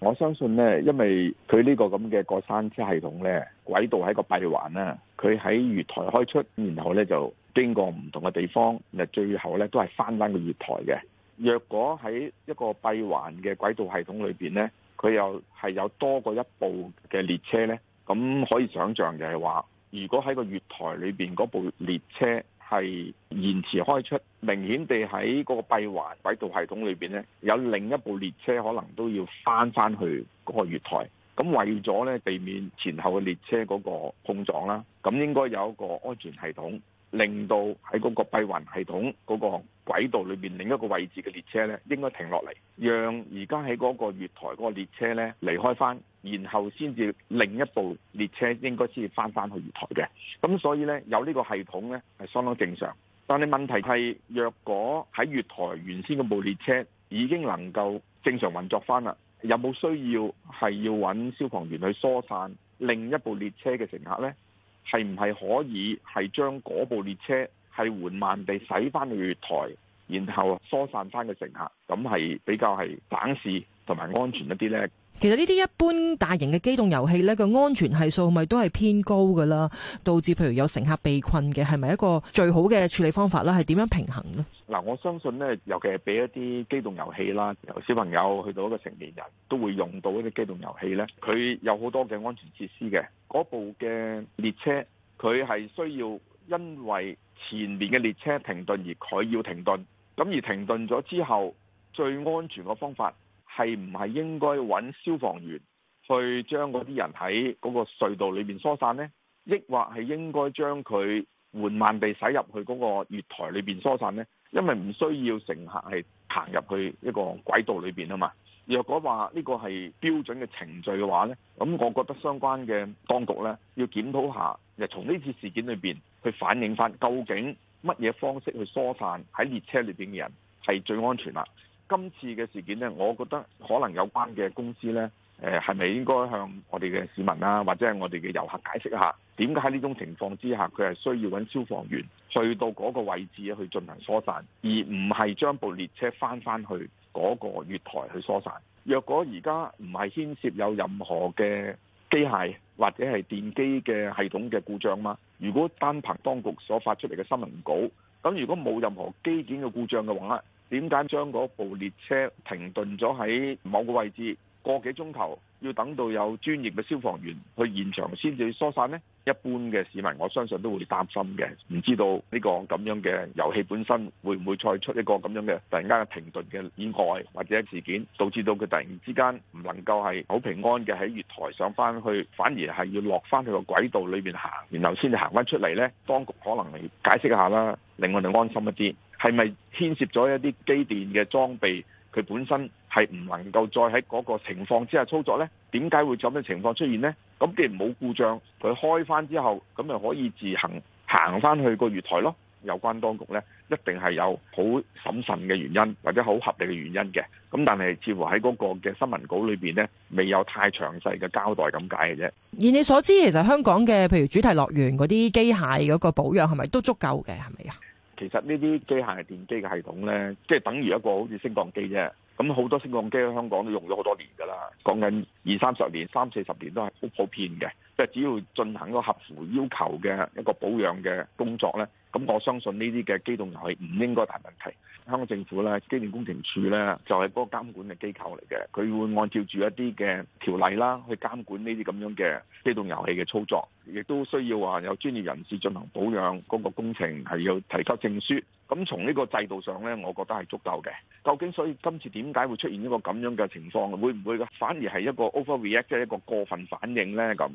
我相信呢，因為佢呢個咁嘅過山車系統呢，軌道係一個閉環啦。佢喺月台開出，然後呢就經過唔同嘅地方，最後呢都係翻返個月台嘅。若果喺一個閉環嘅軌道系統裏邊呢，佢又係有多過一部嘅列車呢，咁可以想象就係話，如果喺個月台裏邊嗰部列車，係延遲開出，明顯地喺嗰個閉環軌道系統裏面呢，有另一部列車可能都要返返去嗰個月台，咁為咗呢，避免前後嘅列車嗰個碰撞啦，咁應該有一個安全系統。令到喺嗰個閉環系統嗰個軌道裏面另一個位置嘅列車咧，應該停落嚟，讓而家喺嗰個月台嗰列車咧離開翻，然後先至另一部列車應該先翻翻去月台嘅。咁所以咧，有呢個系統咧係相當正常。但係問題是，係若果喺月台原先嗰部列車已經能夠正常運作翻啦，有冇需要係要揾消防員去疏散另一部列車嘅乘客咧？係唔係可以係將嗰部列車係緩慢地駛翻去月台，然後疏散翻嘅乘客，咁係比較係省事同埋安全一啲呢？其實呢啲一般大型嘅機動遊戲呢，個安全係數咪都係偏高噶啦，導致譬如有乘客被困嘅，係咪一個最好嘅處理方法呢？係點樣平衡呢？嗱，我相信呢，尤其係俾一啲機動遊戲啦，由小朋友去到一個成年人都會用到一啲機動遊戲呢。佢有好多嘅安全設施嘅。嗰部嘅列車，佢係需要因為前面嘅列車停頓而佢要停頓，咁而停頓咗之後，最安全嘅方法。係唔係應該揾消防員去將嗰啲人喺嗰個隧道裏面疏散呢？抑或係應該將佢緩慢地駛入去嗰個月台裏邊疏散呢？因為唔需要乘客係行入去一個軌道裏邊啊嘛。若果話呢個係標準嘅程序嘅話呢，咁我覺得相關嘅當局呢，要檢討一下，就從呢次事件裏邊去反映翻究竟乜嘢方式去疏散喺列車裏邊嘅人係最安全啦。今次嘅事件呢，我覺得可能有關嘅公司呢，誒，係咪應該向我哋嘅市民啊，或者係我哋嘅遊客解釋一下，點解喺呢種情況之下，佢係需要揾消防員去到嗰個位置去進行疏散，而唔係將部列車翻翻去嗰個月台去疏散。若果而家唔係牽涉有任何嘅機械或者係電機嘅系統嘅故障嗎？如果單憑當局所發出嚟嘅新聞稿，咁如果冇任何機件嘅故障嘅話呢點解將嗰部列車停頓咗喺某個位置個幾鐘頭，要等到有專業嘅消防員去現場先至疏散呢？一般嘅市民我相信都會擔心嘅，唔知道呢個咁樣嘅遊戲本身會唔會再出一個咁樣嘅突然間嘅停頓嘅意外或者事件，導致到佢突然之間唔能夠係好平安嘅喺月台上翻去，反而係要落翻去個軌道裏面行，然後先至行翻出嚟呢？當局可能你解釋一下啦，令我哋安心一啲。係咪牽涉咗一啲機電嘅裝備？佢本身係唔能夠再喺嗰個情況之下操作呢？點解會咁嘅情況出現呢？咁既然冇故障，佢開翻之後，咁咪可以自行行翻去個月台咯？有關當局呢，一定係有好審慎嘅原因，或者好合理嘅原因嘅。咁但係似乎喺嗰個嘅新聞稿裏邊呢，未有太詳細嘅交代咁解嘅啫。以你所知，其實香港嘅譬如主題樂園嗰啲機械嗰個保養係咪都足夠嘅？係咪啊？其實呢啲機械係電機嘅系統呢，即係等於一個好似升降機啫。咁好多升降機喺香港都用咗好多年㗎啦，講緊二三十年、三四十年都係好普遍嘅。即係只要進行一個合符要求嘅一個保養嘅工作咧，咁我相信呢啲嘅機動遊戲唔應該大問題。香港政府咧，機電工程署咧就係嗰個監管嘅機構嚟嘅，佢會按照住一啲嘅條例啦去監管呢啲咁樣嘅機動遊戲嘅操作，亦都需要話有專業人士進行保養，嗰個工程係要提交證書。咁從呢個制度上咧，我覺得係足夠嘅。究竟所以今次點解會出現一個咁樣嘅情況？會唔會反而係一個 overreact 嘅一個過分反應咧？咁？